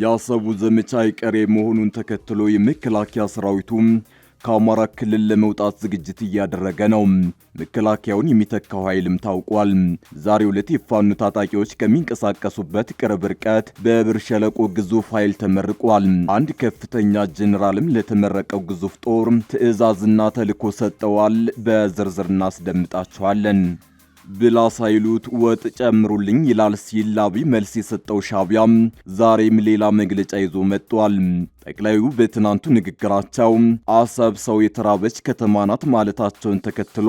የአሰቡ ዘመቻ አይቀሬ መሆኑን ተከትሎ የመከላከያ ሰራዊቱም ከአማራ ክልል ለመውጣት ዝግጅት እያደረገ ነው። መከላከያውን የሚተካው ኃይልም ታውቋል። ዛሬ ሁለት የፋኑ ታጣቂዎች ከሚንቀሳቀሱበት ቅርብ ርቀት በብር ሸለቆ ግዙፍ ኃይል ተመርቋል። አንድ ከፍተኛ ጀኔራልም ለተመረቀው ግዙፍ ጦር ትዕዛዝና ተልዕኮ ሰጠዋል። በዝርዝር እናስደምጣቸዋለን። ብላ ሳይሉት ወጥ ጨምሩልኝ ይላል ሲል ለአብይ መልስ የሰጠው ሻቢያ ዛሬም ሌላ መግለጫ ይዞ መጥቷል። ጠቅላዩ በትናንቱ ንግግራቸው አሰብ ሰው የተራበች ከተማ ናት ማለታቸውን ተከትሎ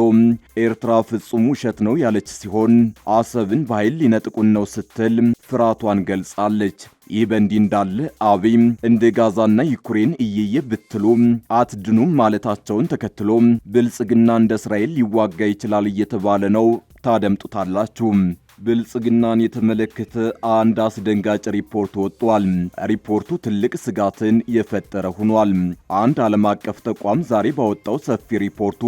ኤርትራ ፍጹም ውሸት ነው ያለች ሲሆን አሰብን በኃይል ሊነጥቁን ነው ስትል ፍርሃቷን ገልጻለች። ይህ በእንዲህ እንዳለ አብይ እንደ ጋዛና ዩክሬን እየየ ብትሉ አትድኑም ማለታቸውን ተከትሎ ብልጽግና እንደ እስራኤል ሊዋጋ ይችላል እየተባለ ነው ታደምጡታላችሁ። ብልጽግናን የተመለከተ አንድ አስደንጋጭ ሪፖርት ወጥቷል። ሪፖርቱ ትልቅ ስጋትን የፈጠረ ሆኗል። አንድ ዓለም አቀፍ ተቋም ዛሬ ባወጣው ሰፊ ሪፖርቱ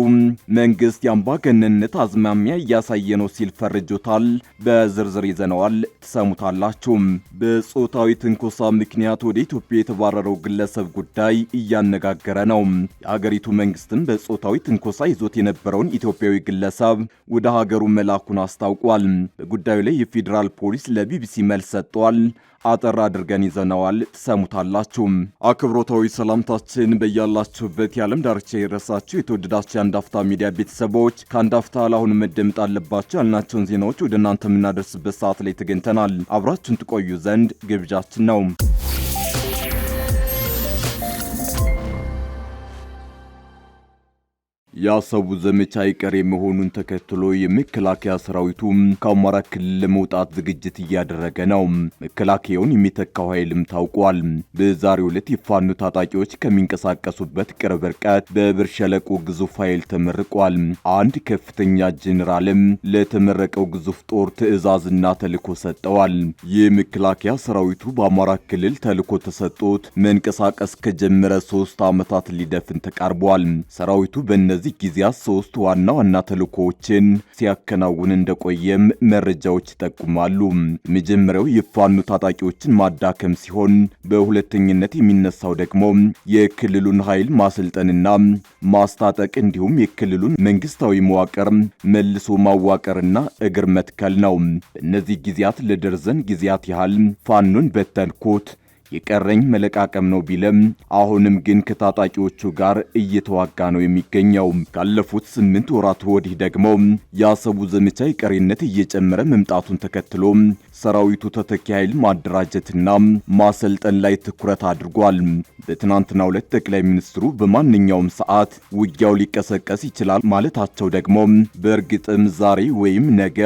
መንግስት የአምባገነንነት አዝማሚያ እያሳየ ነው ሲል ፈርጆታል። በዝርዝር ይዘነዋል፣ ትሰሙታላችሁ። በጾታዊ ትንኮሳ ምክንያት ወደ ኢትዮጵያ የተባረረው ግለሰብ ጉዳይ እያነጋገረ ነው። የአገሪቱ መንግስትም በጾታዊ ትንኮሳ ይዞት የነበረውን ኢትዮጵያዊ ግለሰብ ወደ ሀገሩ መላኩን አስታውቋል። ጉዳዩ ላይ የፌዴራል ፖሊስ ለቢቢሲ መልስ ሰጥቷል። አጠር አድርገን ይዘነዋል፣ ትሰሙታላችሁ። አክብሮታዊ ሰላምታችን በያላችሁበት የዓለም ዳርቻ የረሳችሁ የተወደዳችሁ የአንዳፍታ ሚዲያ ቤተሰቦች ከአንዳፍታ አፍታ ለአሁን መደመጥ አለባቸው ያልናቸውን ዜናዎች ወደ እናንተ የምናደርስበት ሰዓት ላይ ተገኝተናል። አብራችሁን ትቆዩ ዘንድ ግብዣችን ነው። የአሰቡ ዘመቻ አይቀሬ መሆኑን ተከትሎ የመከላከያ ሰራዊቱ ከአማራ ክልል ለመውጣት ዝግጅት እያደረገ ነው። መከላከያውን የሚተካው ኃይልም ታውቋል። በዛሬው ዕለት የፋኑ ታጣቂዎች ከሚንቀሳቀሱበት ቅርብ ርቀት በብር ሸለቆ ግዙፍ ኃይል ተመርቋል። አንድ ከፍተኛ ጄኔራልም ለተመረቀው ግዙፍ ጦር ትዕዛዝና ተልዕኮ ሰጠዋል። የመከላከያ ሰራዊቱ በአማራ ክልል ተልዕኮ ተሰጥቶት መንቀሳቀስ ከጀመረ ሶስት ዓመታት ሊደፍን ተቃርቧል። ሰራዊቱ በነዚህ በእነዚህ ጊዜያት ሶስት ዋና ዋና ተልእኮዎችን ሲያከናውን እንደቆየም መረጃዎች ይጠቁማሉ። የመጀመሪያው የፋኑ ታጣቂዎችን ማዳከም ሲሆን በሁለተኝነት የሚነሳው ደግሞ የክልሉን ኃይል ማሰልጠንና ማስታጠቅ እንዲሁም የክልሉን መንግስታዊ መዋቅር መልሶ ማዋቀርና እግር መትከል ነው። በእነዚህ ጊዜያት ለደርዘን ጊዜያት ያህል ፋኑን በተንኩት የቀረኝ መለቃቀም ነው ቢለም አሁንም ግን ከታጣቂዎቹ ጋር እየተዋጋ ነው የሚገኘው። ካለፉት ስምንት ወራት ወዲህ ደግሞ የአሰቡ ዘመቻ የቀሪነት እየጨመረ መምጣቱን ተከትሎ ሰራዊቱ ተተኪ ኃይል ማደራጀትና ማሰልጠን ላይ ትኩረት አድርጓል። በትናንትናው ዕለት ጠቅላይ ሚኒስትሩ በማንኛውም ሰዓት ውጊያው ሊቀሰቀስ ይችላል ማለታቸው ደግሞ በእርግጥም ዛሬ ወይም ነገ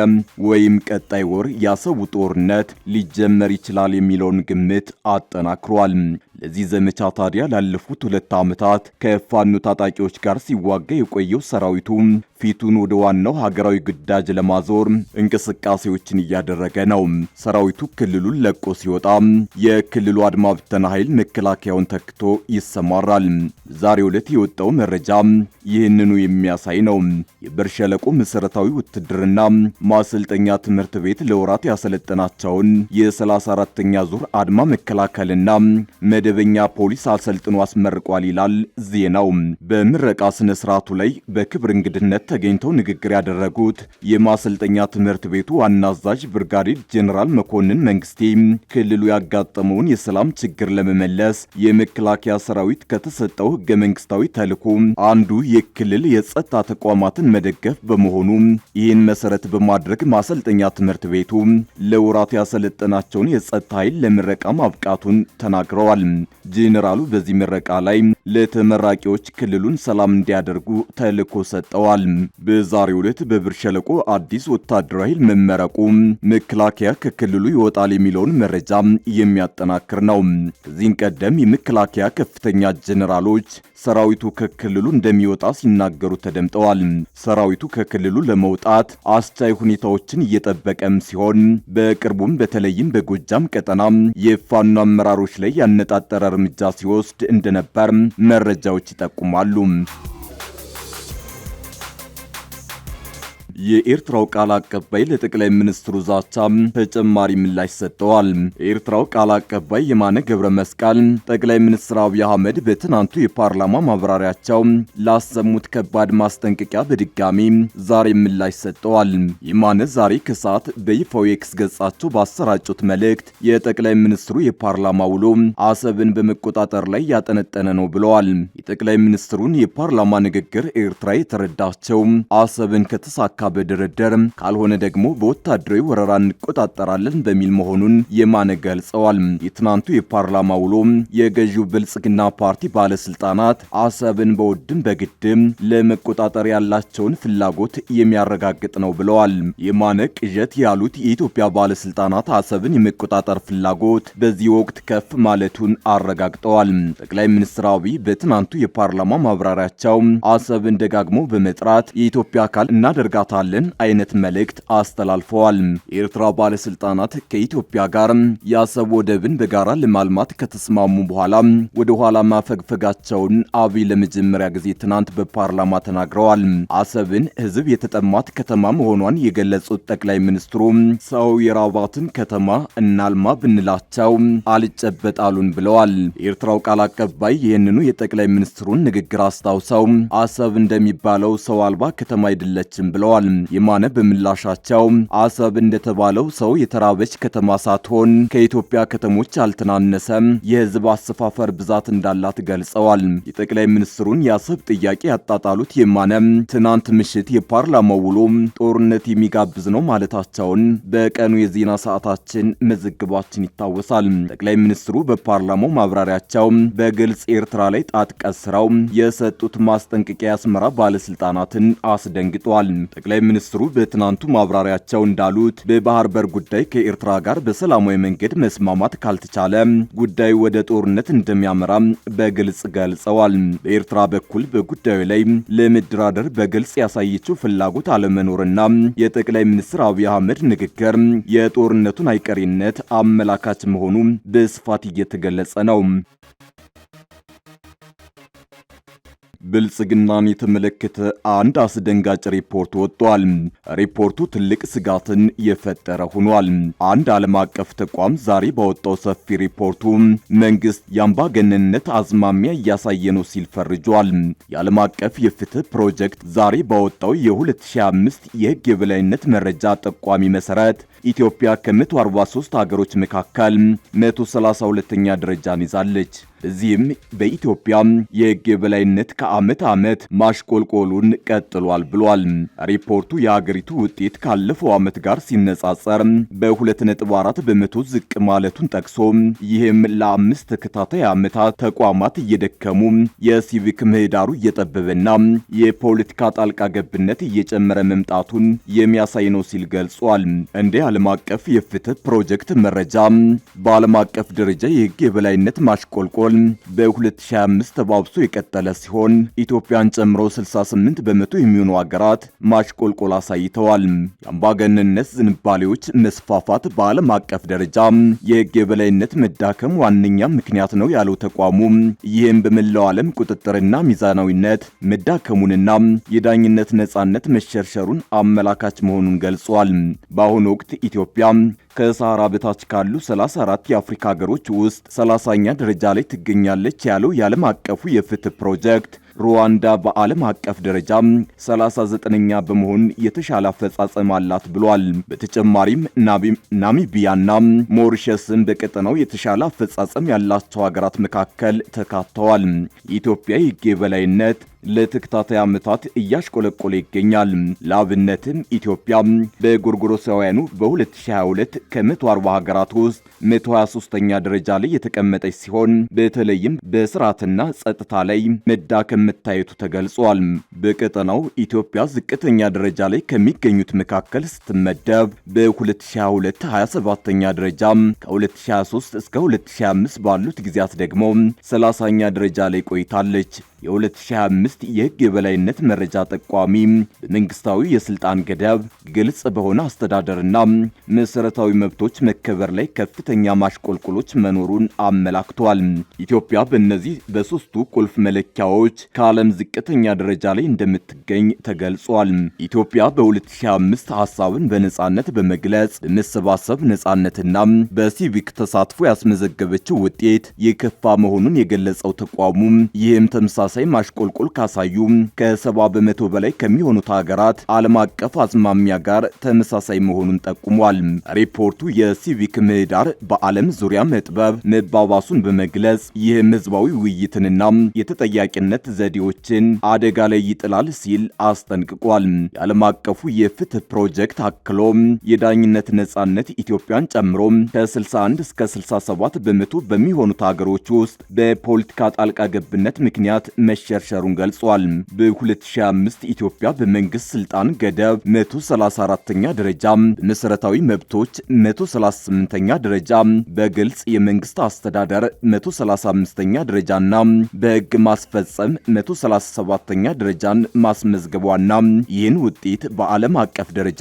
ወይም ቀጣይ ወር የአሰቡ ጦርነት ሊጀመር ይችላል የሚለውን ግምት አጠ ተጠናክሯል። ለዚህ ዘመቻ ታዲያ ላለፉት ሁለት ዓመታት ከፋኖ ታጣቂዎች ጋር ሲዋጋ የቆየው ሰራዊቱ ፊቱን ወደ ዋናው ሀገራዊ ግዳጅ ለማዞር እንቅስቃሴዎችን እያደረገ ነው። ሰራዊቱ ክልሉን ለቆ ሲወጣ የክልሉ አድማ ብተና ኃይል መከላከያውን ተክቶ ይሰማራል። ዛሬ ዕለት የወጣው መረጃ ይህንኑ የሚያሳይ ነው። የበር ሸለቆ መሠረታዊ ውትድርና ማሰልጠኛ ትምህርት ቤት ለወራት ያሰለጠናቸውን የ 34 ተኛ ዙር አድማ መከላከልና መደበኛ ፖሊስ አሰልጥኖ አስመርቋል ይላል ዜናው። በምረቃ ስነ ስርዓቱ ላይ በክብር እንግድነት ተገኝተው ንግግር ያደረጉት የማሰልጠኛ ትምህርት ቤቱ ዋና አዛዥ ብርጋዴር ጄኔራል መኮንን መንግስቴ ክልሉ ያጋጠመውን የሰላም ችግር ለመመለስ የመከላከያ ሰራዊት ከተሰጠው ህገ መንግስታዊ ተልዕኮ አንዱ የክልል የጸጥታ ተቋማትን መደገፍ በመሆኑ ይህን መሰረት በማድረግ ማሰልጠኛ ትምህርት ቤቱ ለወራት ያሰለጠናቸውን የጸጥታ ኃይል ለምረቃ ማብቃቱን ተናግረዋል። ጄኔራሉ በዚህ ምረቃ ላይ ለተመራቂዎች ክልሉን ሰላም እንዲያደርጉ ተልዕኮ ሰጠዋል። በዛሬው ዕለት በብር ሸለቆ አዲስ ወታደራዊ ኃይል መመረቁ መከላከያ ከክልሉ ይወጣል የሚለውን መረጃ የሚያጠናክር ነው። ከዚህም ቀደም የመከላከያ ከፍተኛ ጀኔራሎች ሰራዊቱ ከክልሉ እንደሚወጣ ሲናገሩ ተደምጠዋል። ሰራዊቱ ከክልሉ ለመውጣት አስቻይ ሁኔታዎችን እየጠበቀም ሲሆን በቅርቡም በተለይም በጎጃም ቀጠና የፋኖ አመራሮች ላይ ያነጣጠረ እርምጃ ሲወስድ እንደነበር መረጃዎች ይጠቁማሉ። የኤርትራው ቃል አቀባይ ለጠቅላይ ሚኒስትሩ ዛቻ ተጨማሪ ምላሽ ሰጥተዋል። የኤርትራው ቃል አቀባይ የማነ ገብረ መስቀል ጠቅላይ ሚኒስትር አብይ አህመድ በትናንቱ የፓርላማ ማብራሪያቸው ላሰሙት ከባድ ማስጠንቀቂያ በድጋሚ ዛሬ ምላሽ ሰጥተዋል። የማነ ዛሬ ከሰዓት በይፋዊ ኤክስ ገጻቸው ባሰራጩት መልእክት የጠቅላይ ሚኒስትሩ የፓርላማ ውሎ አሰብን በመቆጣጠር ላይ ያጠነጠነ ነው ብለዋል። የጠቅላይ ሚኒስትሩን የፓርላማ ንግግር ኤርትራ የተረዳቸው አሰብን ከተሳካ በድርድር ካልሆነ ደግሞ በወታደራዊ ወረራ እንቆጣጠራለን በሚል መሆኑን የማነ ገልጸዋል። የትናንቱ የፓርላማ ውሎ የገዢው ብልጽግና ፓርቲ ባለስልጣናት አሰብን በውድም በግድም ለመቆጣጠር ያላቸውን ፍላጎት የሚያረጋግጥ ነው ብለዋል። የማነ ቅዠት ያሉት የኢትዮጵያ ባለስልጣናት አሰብን የመቆጣጠር ፍላጎት በዚህ ወቅት ከፍ ማለቱን አረጋግጠዋል። ጠቅላይ ሚኒስትር አብይ በትናንቱ የፓርላማ ማብራሪያቸው አሰብን ደጋግመው በመጥራት የኢትዮጵያ አካል እናደርጋታ እንሰራለን አይነት መልእክት አስተላልፈዋል። የኤርትራ ባለስልጣናት ከኢትዮጵያ ጋር የአሰብ ወደብን በጋራ ለማልማት ከተስማሙ በኋላ ወደ ኋላ ማፈግፈጋቸውን አብይ ለመጀመሪያ ጊዜ ትናንት በፓርላማ ተናግረዋል። አሰብን ህዝብ የተጠማት ከተማ መሆኗን የገለጹት ጠቅላይ ሚኒስትሩ ሰው የራባትን ከተማ እናልማ ብንላቸው አልጨበጣሉን ብለዋል። የኤርትራው ቃል አቀባይ ይህንኑ የጠቅላይ ሚኒስትሩን ንግግር አስታውሰው አሰብ እንደሚባለው ሰው አልባ ከተማ አይደለችም ብለዋል። የማነ በምላሻቸው አሰብ እንደተባለው ሰው የተራበች ከተማ ሳትሆን ከኢትዮጵያ ከተሞች አልተናነሰም የህዝብ አሰፋፈር ብዛት እንዳላት ገልጸዋል። የጠቅላይ ሚኒስትሩን የአሰብ ጥያቄ ያጣጣሉት የማነ ትናንት ምሽት የፓርላማው ውሎ ጦርነት የሚጋብዝ ነው ማለታቸውን በቀኑ የዜና ሰዓታችን መዘግባችን ይታወሳል። ጠቅላይ ሚኒስትሩ በፓርላማው ማብራሪያቸው በግልጽ ኤርትራ ላይ ጣት ቀስረው የሰጡት ማስጠንቀቂያ የአስመራ ባለስልጣናትን አስደንግጧል። ጠቅላይ ሚኒስትሩ በትናንቱ ማብራሪያቸው እንዳሉት በባህር በር ጉዳይ ከኤርትራ ጋር በሰላማዊ መንገድ መስማማት ካልተቻለ ጉዳዩ ወደ ጦርነት እንደሚያመራ በግልጽ ገልጸዋል። በኤርትራ በኩል በጉዳዩ ላይ ለመደራደር በግልጽ ያሳየችው ፍላጎት አለመኖርና የጠቅላይ ሚኒስትር አብይ አህመድ ንግግር የጦርነቱን አይቀሬነት አመላካች መሆኑ በስፋት እየተገለጸ ነው። ብልጽግናን የተመለከተ አንድ አስደንጋጭ ሪፖርት ወጥቷል። ሪፖርቱ ትልቅ ስጋትን የፈጠረ ሆኗል። አንድ ዓለም አቀፍ ተቋም ዛሬ ባወጣው ሰፊ ሪፖርቱ መንግስት የአምባገነንነት አዝማሚያ እያሳየ ነው ሲል ፈርጇል። የዓለም አቀፍ የፍትህ ፕሮጀክት ዛሬ ባወጣው የ2025 የህግ የበላይነት መረጃ ጠቋሚ መሰረት ኢትዮጵያ ከ143 ሀገሮች መካከል 132ኛ ደረጃን ይዛለች። እዚህም በኢትዮጵያ የህግ የበላይነት ከዓመት ዓመት ማሽቆልቆሉን ቀጥሏል ብሏል። ሪፖርቱ የአገሪቱ ውጤት ካለፈው ዓመት ጋር ሲነጻጸር በ2.4 በመቶ ዝቅ ማለቱን ጠቅሶ ይህም ለአምስት ተከታታይ ዓመታት ተቋማት እየደከሙ የሲቪክ ምህዳሩ እየጠበበና የፖለቲካ ጣልቃ ገብነት እየጨመረ መምጣቱን የሚያሳይ ነው ሲል ገልጿል። እንደ ዓለም አቀፍ የፍትህ ፕሮጀክት መረጃ በዓለም አቀፍ ደረጃ የህግ የበላይነት ማሽቆልቆል ፔትሮል በ2025 ተባብሶ የቀጠለ ሲሆን ኢትዮጵያን ጨምሮ 68 በመቶ የሚሆኑ ሀገራት ማሽቆልቆል አሳይተዋል። የአምባገነንነት ዝንባሌዎች መስፋፋት በዓለም አቀፍ ደረጃ የህግ የበላይነት መዳከም ዋነኛ ምክንያት ነው ያለው ተቋሙ ይህም በመላው ዓለም ቁጥጥርና ሚዛናዊነት መዳከሙንና የዳኝነት ነጻነት መሸርሸሩን አመላካች መሆኑን ገልጿል። በአሁኑ ወቅት ኢትዮጵያ ከሳህራ በታች ካሉ 34 የአፍሪካ ሀገሮች ውስጥ 30ኛ ደረጃ ላይ ትገኛለች ያለው የዓለም አቀፉ የፍትህ ፕሮጀክት ሩዋንዳ በዓለም አቀፍ ደረጃ 39ኛ በመሆን የተሻለ አፈጻጸም አላት ብሏል። በተጨማሪም ናሚቢያና ሞሪሸስን በቀጠናው የተሻለ አፈጻጸም ያላቸው ሀገራት መካከል ተካተዋል። የኢትዮጵያ የሕግ የበላይነት ለተከታታይ ዓመታት እያሽቆለቆለ ይገኛል። ለአብነትም ኢትዮጵያ በጎርጎሮሳውያኑ በ2022 ከ140 ሀገራት ውስጥ 123ኛ ደረጃ ላይ የተቀመጠች ሲሆን በተለይም በስርዓትና ጸጥታ ላይ መዳከም መታየቱ ተገልጿል። በቀጠናው ኢትዮጵያ ዝቅተኛ ደረጃ ላይ ከሚገኙት መካከል ስትመደብ በ2022 27ኛ ደረጃ ከ2023 እስከ 2025 ባሉት ጊዜያት ደግሞ 30ኛ ደረጃ ላይ ቆይታለች። የ 2005 የህግ የበላይነት መረጃ ጠቋሚ በመንግስታዊ የስልጣን ገደብ ግልጽ በሆነ አስተዳደርና መሰረታዊ መብቶች መከበር ላይ ከፍተኛ ማሽቆልቆሎች መኖሩን አመላክቷል። ኢትዮጵያ በእነዚህ በሶስቱ ቁልፍ መለኪያዎች ከዓለም ዝቅተኛ ደረጃ ላይ እንደምትገኝ ተገልጿል። ኢትዮጵያ በ 2005 ሀሳብን በነጻነት በመግለጽ በመሰባሰብ ነጻነትና በሲቪክ ተሳትፎ ያስመዘገበችው ውጤት የከፋ መሆኑን የገለጸው ተቋሙ ይህም ተምሳ ተመሳሳይ ማሽቆልቆል ካሳዩ ከሰባ በመቶ በላይ ከሚሆኑት ሀገራት ዓለም አቀፍ አዝማሚያ ጋር ተመሳሳይ መሆኑን ጠቁሟል። ሪፖርቱ የሲቪክ ምህዳር በዓለም ዙሪያ መጥበብ መባባሱን በመግለጽ ይህም ህዝባዊ ውይይትንና የተጠያቂነት ዘዴዎችን አደጋ ላይ ይጥላል ሲል አስጠንቅቋል። የዓለም አቀፉ የፍትህ ፕሮጀክት አክሎ የዳኝነት ነጻነት ኢትዮጵያን ጨምሮ ከ61 እስከ 67 በመቶ በሚሆኑት ሀገሮች ውስጥ በፖለቲካ ጣልቃ ገብነት ምክንያት መሸርሸሩን ገልጿል። በ2005 ኢትዮጵያ በመንግስት ስልጣን ገደብ 134ኛ ደረጃ፣ በመሰረታዊ መብቶች 138ኛ ደረጃ፣ በግልጽ የመንግስት አስተዳደር 135ኛ ደረጃና በህግ ማስፈጸም 137ኛ ደረጃን ማስመዝገቧና ይህን ውጤት በዓለም አቀፍ ደረጃ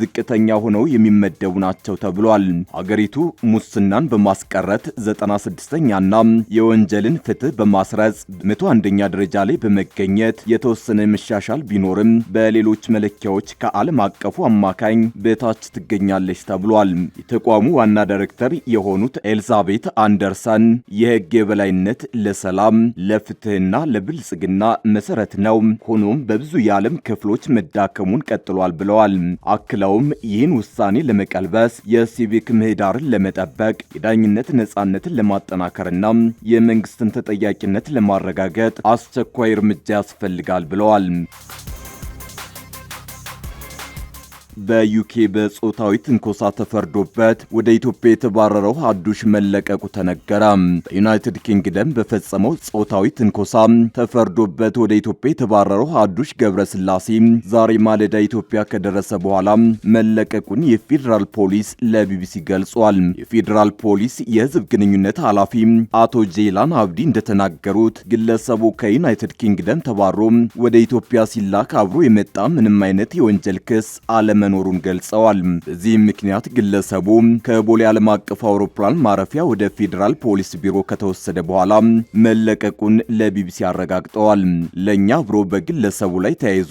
ዝቅተኛ ሆነው የሚመደቡ ናቸው ተብሏል። አገሪቱ ሙስናን በማስቀረት 96ኛና የወንጀልን ፍትህ በማስረጽ 101ኛ ደረጃ ላይ በመገኘት የተወሰነ መሻሻል ቢኖርም በሌሎች መለኪያዎች ከዓለም አቀፉ አማካኝ በታች ትገኛለች ተብሏል። የተቋሙ ዋና ዳይሬክተር የሆኑት ኤልዛቤት አንደርሰን የህግ የበላይነት ለሰላም ለፍትህና ለብልጽግና መሰረት ነው፣ ሆኖም በብዙ የዓለም ክፍሎች መዳከሙን ቀጥሏል ብለዋል። አክለውም ይህን ውሳኔ ለመቀልበስ የሲቪክ ምህዳርን ለመጠበቅ የዳኝነት ነጻነትን ለማጠናከርና የመንግስትን ተጠያቂነት ለማረጋገጥ አስቸኳይ እርምጃ ያስፈልጋል ብለዋል። በዩኬ በጾታዊ ትንኮሳ ተፈርዶበት ወደ ኢትዮጵያ የተባረረው ሀዱሽ መለቀቁ ተነገረ። በዩናይትድ ኪንግደም በፈጸመው ጾታዊ ትንኮሳ ተፈርዶበት ወደ ኢትዮጵያ የተባረረው ሀዱሽ ገብረስላሴ ዛሬ ማለዳ ኢትዮጵያ ከደረሰ በኋላ መለቀቁን የፌዴራል ፖሊስ ለቢቢሲ ገልጿል። የፌዴራል ፖሊስ የህዝብ ግንኙነት ኃላፊ አቶ ጄላን አብዲ እንደተናገሩት ግለሰቡ ከዩናይትድ ኪንግደም ተባሮ ወደ ኢትዮጵያ ሲላክ አብሮ የመጣ ምንም አይነት የወንጀል ክስ አለም መኖሩን ገልጸዋል። በዚህም ምክንያት ግለሰቡ ከቦሌ ዓለም አቀፍ አውሮፕላን ማረፊያ ወደ ፌዴራል ፖሊስ ቢሮ ከተወሰደ በኋላ መለቀቁን ለቢቢሲ አረጋግጠዋል። ለእኛ አብሮ በግለሰቡ ላይ ተያይዞ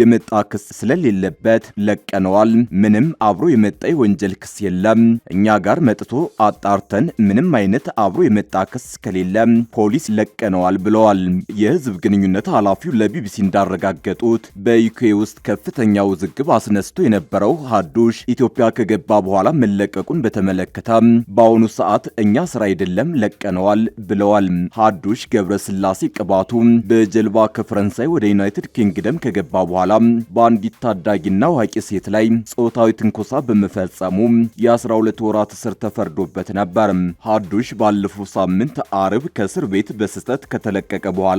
የመጣ ክስ ስለሌለበት ለቀነዋል። ምንም አብሮ የመጣ የወንጀል ክስ የለም። እኛ ጋር መጥቶ አጣርተን ምንም አይነት አብሮ የመጣ ክስ ከሌለ ፖሊስ ለቀነዋል ብለዋል። የህዝብ ግንኙነት ኃላፊው ለቢቢሲ እንዳረጋገጡት በዩኬ ውስጥ ከፍተኛ ውዝግብ አስነስቶ የነበረው ሀዱሽ ኢትዮጵያ ከገባ በኋላ መለቀቁን በተመለከተ በአሁኑ ሰዓት እኛ ስራ አይደለም ለቀነዋል ብለዋል። ሀዱሽ ገብረስላሴ ቅባቱ በጀልባ ከፈረንሳይ ወደ ዩናይትድ ኪንግደም ከገባ በኋላ በአንዲት ታዳጊና አዋቂ ሴት ላይ ጾታዊ ትንኮሳ በመፈጸሙ የ12 ወራት እስር ተፈርዶበት ነበር። ሀዱሽ ባለፈው ሳምንት አርብ ከእስር ቤት በስህተት ከተለቀቀ በኋላ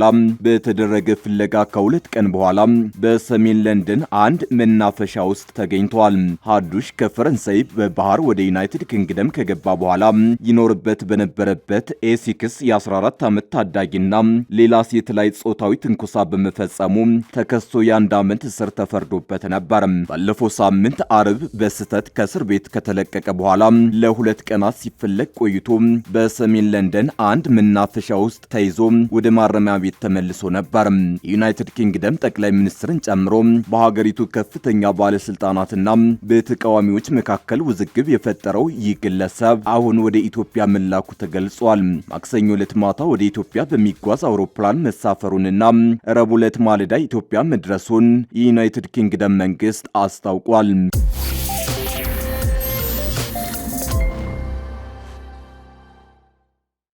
በተደረገ ፍለጋ ከሁለት ቀን በኋላ በሰሜን ለንደን አንድ መናፈሻ ውስጥ ተገኝተዋል። ሀዱሽ ከፈረንሳይ በባህር ወደ ዩናይትድ ኪንግደም ከገባ በኋላ ይኖርበት በነበረበት ኤሲክስ የ14 ዓመት ታዳጊና ሌላ ሴት ላይ ጾታዊ ትንኩሳ በመፈጸሙ ተከሶ የአንድ ዓመት እስር ተፈርዶበት ነበር። ባለፈው ሳምንት አርብ በስህተት ከእስር ቤት ከተለቀቀ በኋላ ለሁለት ቀናት ሲፈለግ ቆይቶ በሰሜን ለንደን አንድ መናፈሻ ውስጥ ተይዞ ወደ ማረሚያ ቤት ተመልሶ ነበር። የዩናይትድ ኪንግደም ጠቅላይ ሚኒስትርን ጨምሮ በሀገሪቱ ከፍተኛ ባለስልጣ ባለስልጣናትና በተቃዋሚዎች መካከል ውዝግብ የፈጠረው ይህ ግለሰብ አሁን ወደ ኢትዮጵያ መላኩ ተገልጿል። ማክሰኞ ዕለት ማታ ወደ ኢትዮጵያ በሚጓዝ አውሮፕላን መሳፈሩንና ረቡዕ ዕለት ማለዳ ኢትዮጵያ መድረሱን የዩናይትድ ኪንግደም መንግስት አስታውቋል።